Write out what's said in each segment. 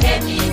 yeah.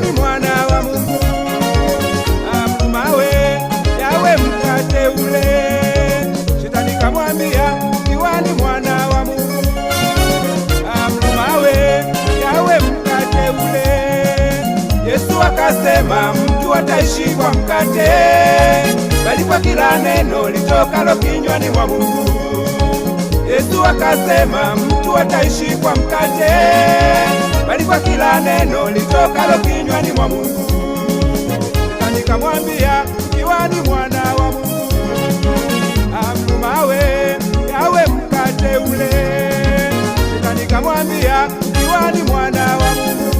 ni mwana wa Mungu amtumawe yawe mkate ule. Shetani kamwambia iwa ni mwana wa Mungu amtumawe yawe mkate ule. Yesu akasema mtu ataishi kwa mkate, bali kwa kila neno litokalo kinywani mwa Mungu. Yesu akasema mtu ataishi kwa mkate bali kwa kila neno litokalo kinywani mwa Mungu. Na nikamwambia ikiwa ni mwana wa Mungu, amtumawe yawe mkate ule. Na nikamwambia ikiwa ni mwana wa Mungu,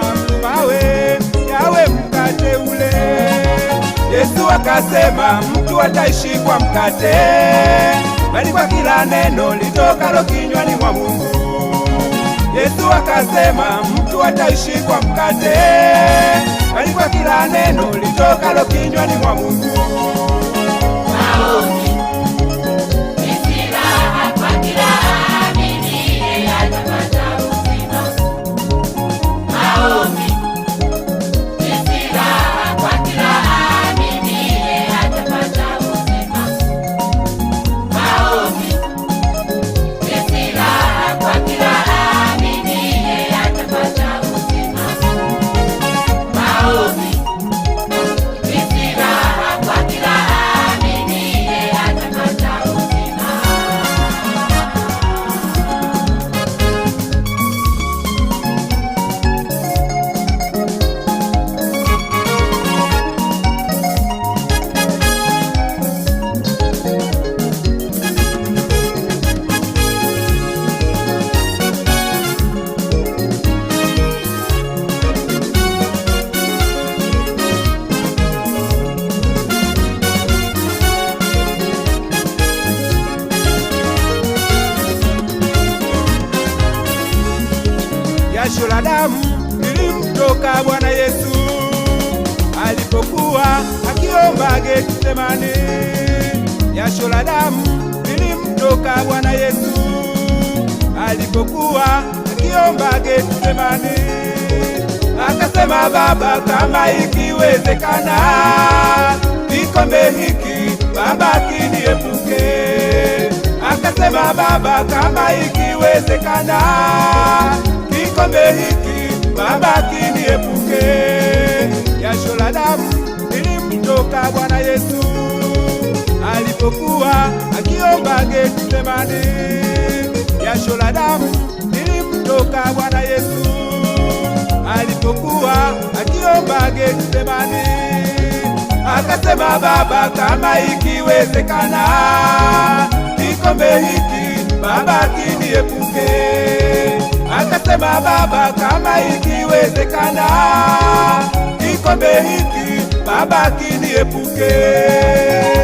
amtumawe yawe mkate ule. Yesu akasema mtu ataishi kwa mkate, bali kwa kila neno litokalo kinywani mwa Mungu. Yesu akasema mtu ataishi kwa mkate, bali kwa kila neno litokalo kinywani mwa Mungu. donge la damu Bwana Yesu alipokuwa akiomba Getsemani. Jasho la damu lilimtoka Bwana Yesu alipokuwa akiomba Getsemani. Akasema, Baba, kama ikiwezekana, kikombe hiki Baba kiniepuke. Akasema, Baba, kama ikiwezekana kikombe hiki Baba kiniepuke, jasho la damu lilimtoka Bwana Yesu alipokuwa akiomba Getsemani. Jasho la damu lilimtoka Bwana Yesu alipokuwa akiomba Getsemani, akasema Baba, kama ikiwezekana, kikombe hiki Baba kiniepuke Akasema baba, kama ikiwezekana, kikombe hiki baba kiniepuke.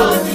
¡Gracias!